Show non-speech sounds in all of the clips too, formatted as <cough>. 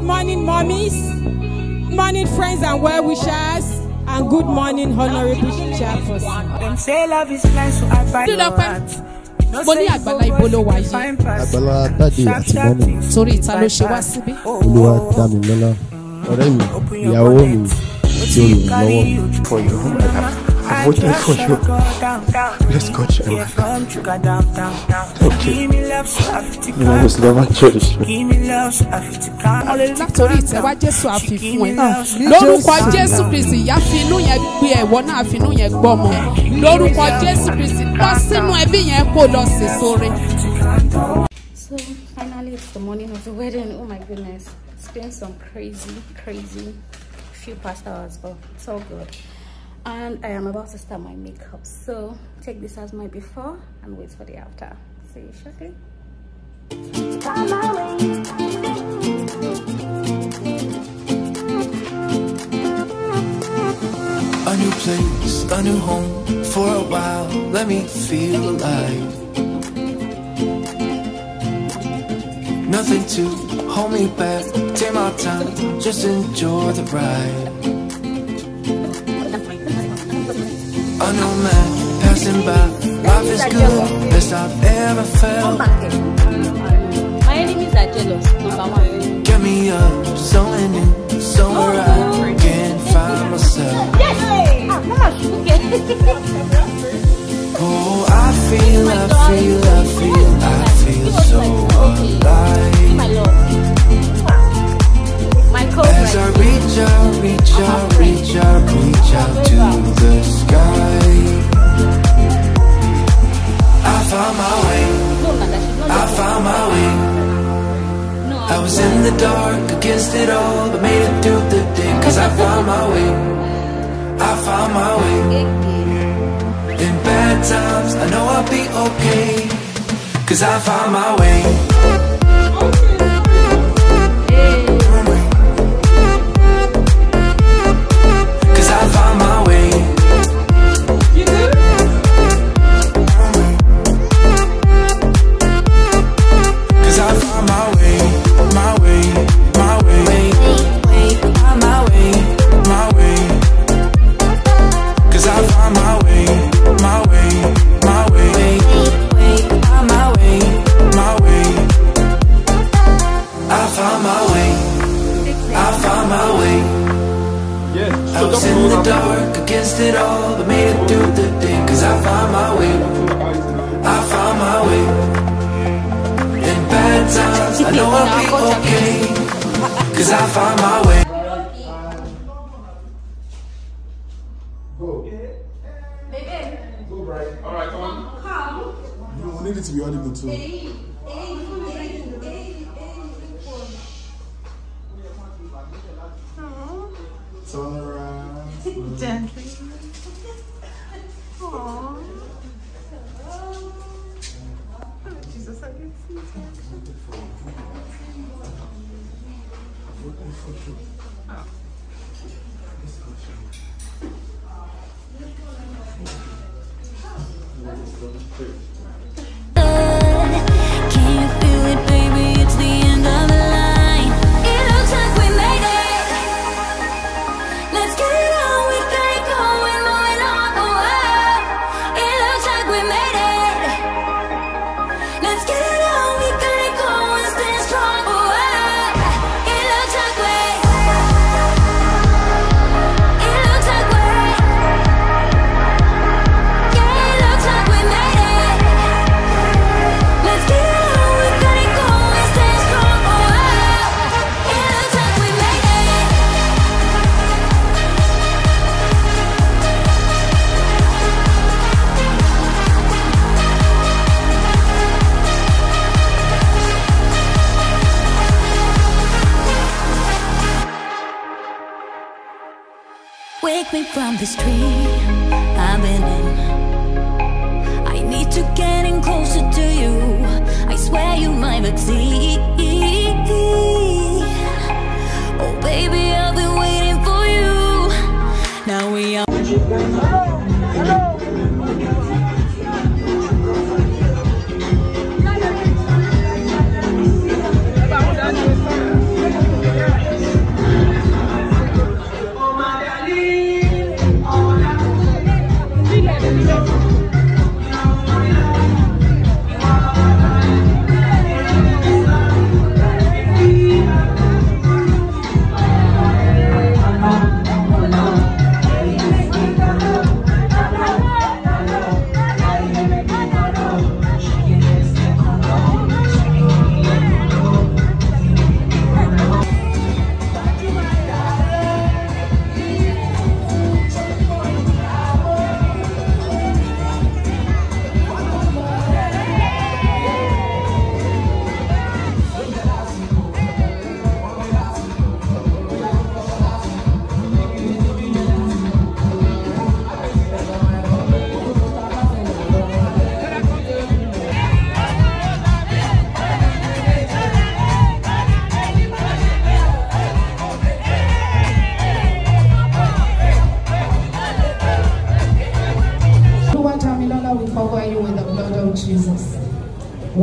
Good morning, mommies. Good morning, friends and well wishers. And good morning, honorable chairperson. Say love is blind, so I buy your heart. mo àgbàlá ibo ló wà yìí. àgbàlá dáde àti mọ́mì. torí ìta ló ṣe wá síbí. Oh, oh, olúwa oh. dá mi lọ́lá ọ̀rẹ́ mi ìyàwó mi àti olùrànlọ́wọ́ mi. I'm waiting for you. Let's go, Chairman. Thank you. You always love and cherish me. Mo lè látọ̀rí ìtẹ́wá Jésù àfi fún ẹ. Lórúkọ Jésù Kristi, ìyá fi inú yẹn gbé ẹ̀wọ́ náà fi inú yẹn gbọ́ ọmọ. Lórúkọ Jésù Kristi, lọ sínú ẹbí yẹn kó lọ sí sórí. So finally it's the morning of the wedding. Oh my goodness. It's been some crazy, crazy few past hours, but it's all good and i am about to start my makeup so take this as my before and wait for the after see you shortly a new place a new home for a while let me feel alive nothing to hold me back take my time just enjoy the ride Life is good, best I've ever felt My enemies are jealous, number one Get me up, somewhere oh, I oh, oh. can find myself Yes! Ah, <laughs> oh, I feel, oh I feel, I feel, I feel so alive My cold As I reach out, reach uh-huh. out found my way. I found my way. I was in the dark against it all, but made it through the day. Cause I found my way. I found my way. In bad times, I know I'll be okay. Cause I found my way. Cause I find my way Go. Baby. Go right. Alright, come Come. we need it to be audible too. Hey, hey, hey, hey, hey. Turn around. Gently. <laughs> Thank you. me from this tree I've been in I need to get in closer to you I swear you might see. Oh baby, I've been waiting for you Now we are Hello. Hello.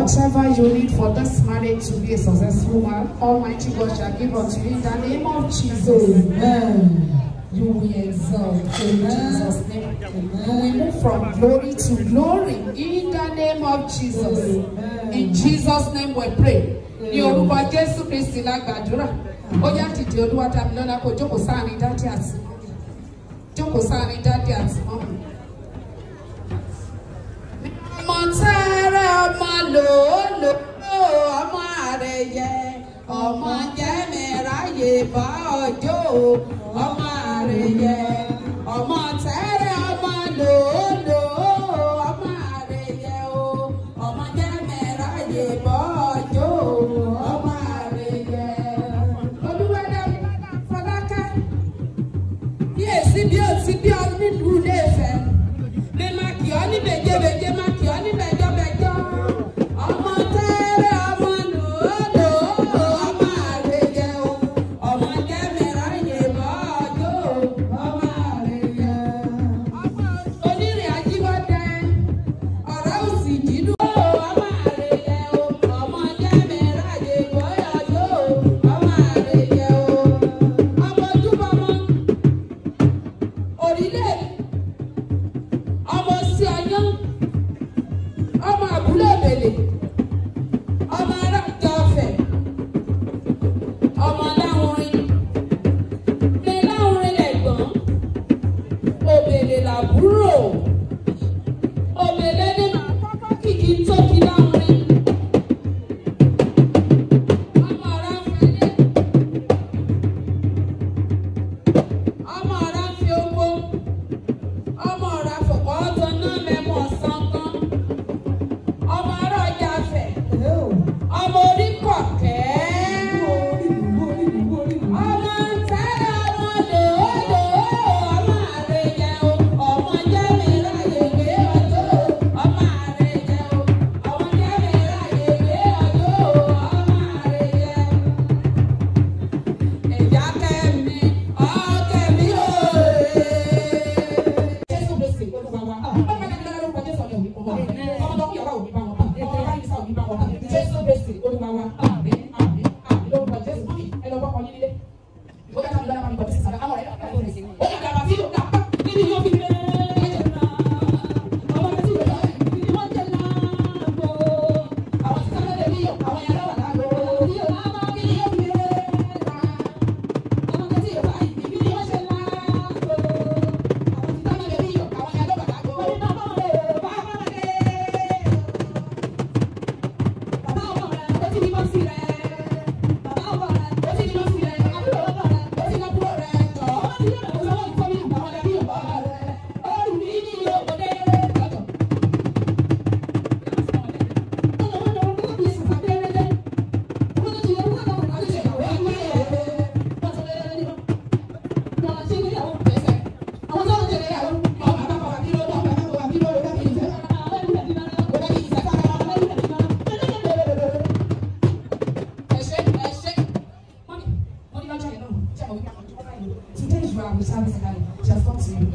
whatever you need for this marriage to be a successful one, Almighty God shall give unto you in the name of Jesus. Amen. You will exalt in Jesus' name. You will move from glory to glory in the name of Jesus. In Jesus' name we pray. Ní orúkọ Jésù Kristi la gbàdúrà. Ó yá dìde Olúwa tàbí lọ́la kó jókòó sáàrin dádì àti mọ́mì. Jókòó sáàrin dádì àti mọ́mì. Mọ̀tẹ́ ọmọ lòólò ọmọ rẹ̀ yẹ ọmọ jẹ́ mi ráyè bá ọjọ́ ọmọ rẹ̀ yẹ ọmọ tẹ́lẹ̀.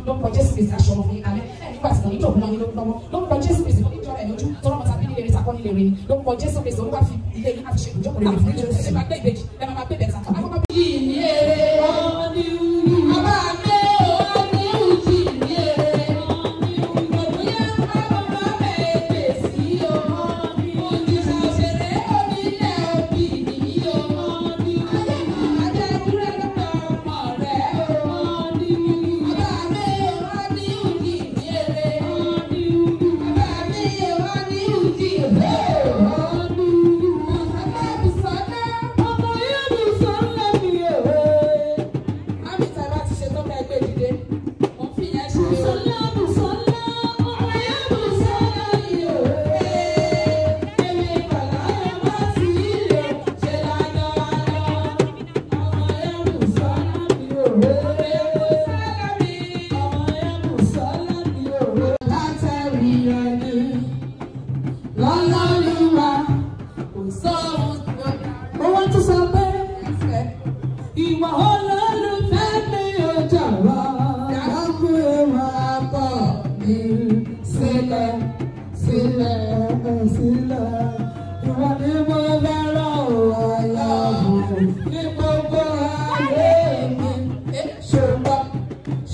ló ń kọ jésù kristi aṣọ ọmọ fún yín kalẹ̀ ẹ̀ nígbà tí wọ́n ìjọba lọ́wọ́ lọ́wọ́ ló ń kọ jésù kristi ó ní ìjọba ẹ̀ lójú tọ́lọ́mọta bí nílé rẹ̀ sàkọ́ nílé rẹ̀ ló ń kọ jésù kristi ó ń wá fi ilé yín àti ṣe ìjọba rẹ̀ fún ìjọba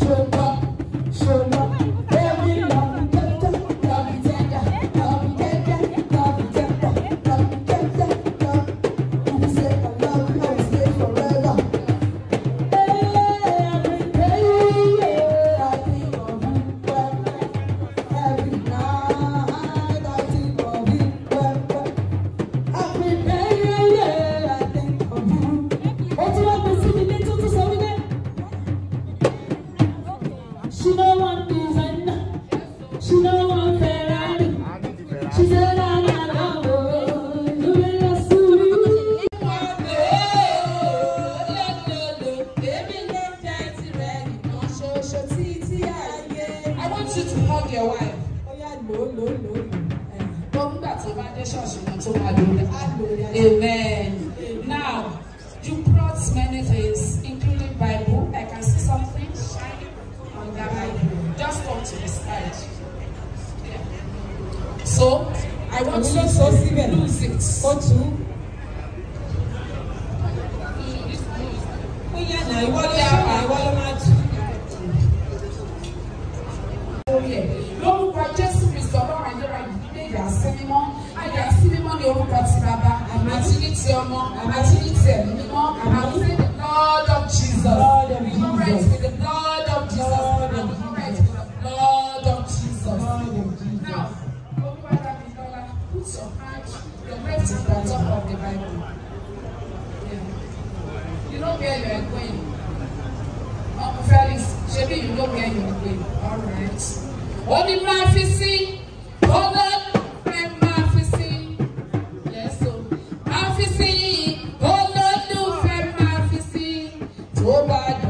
should I want you to lose it. Robot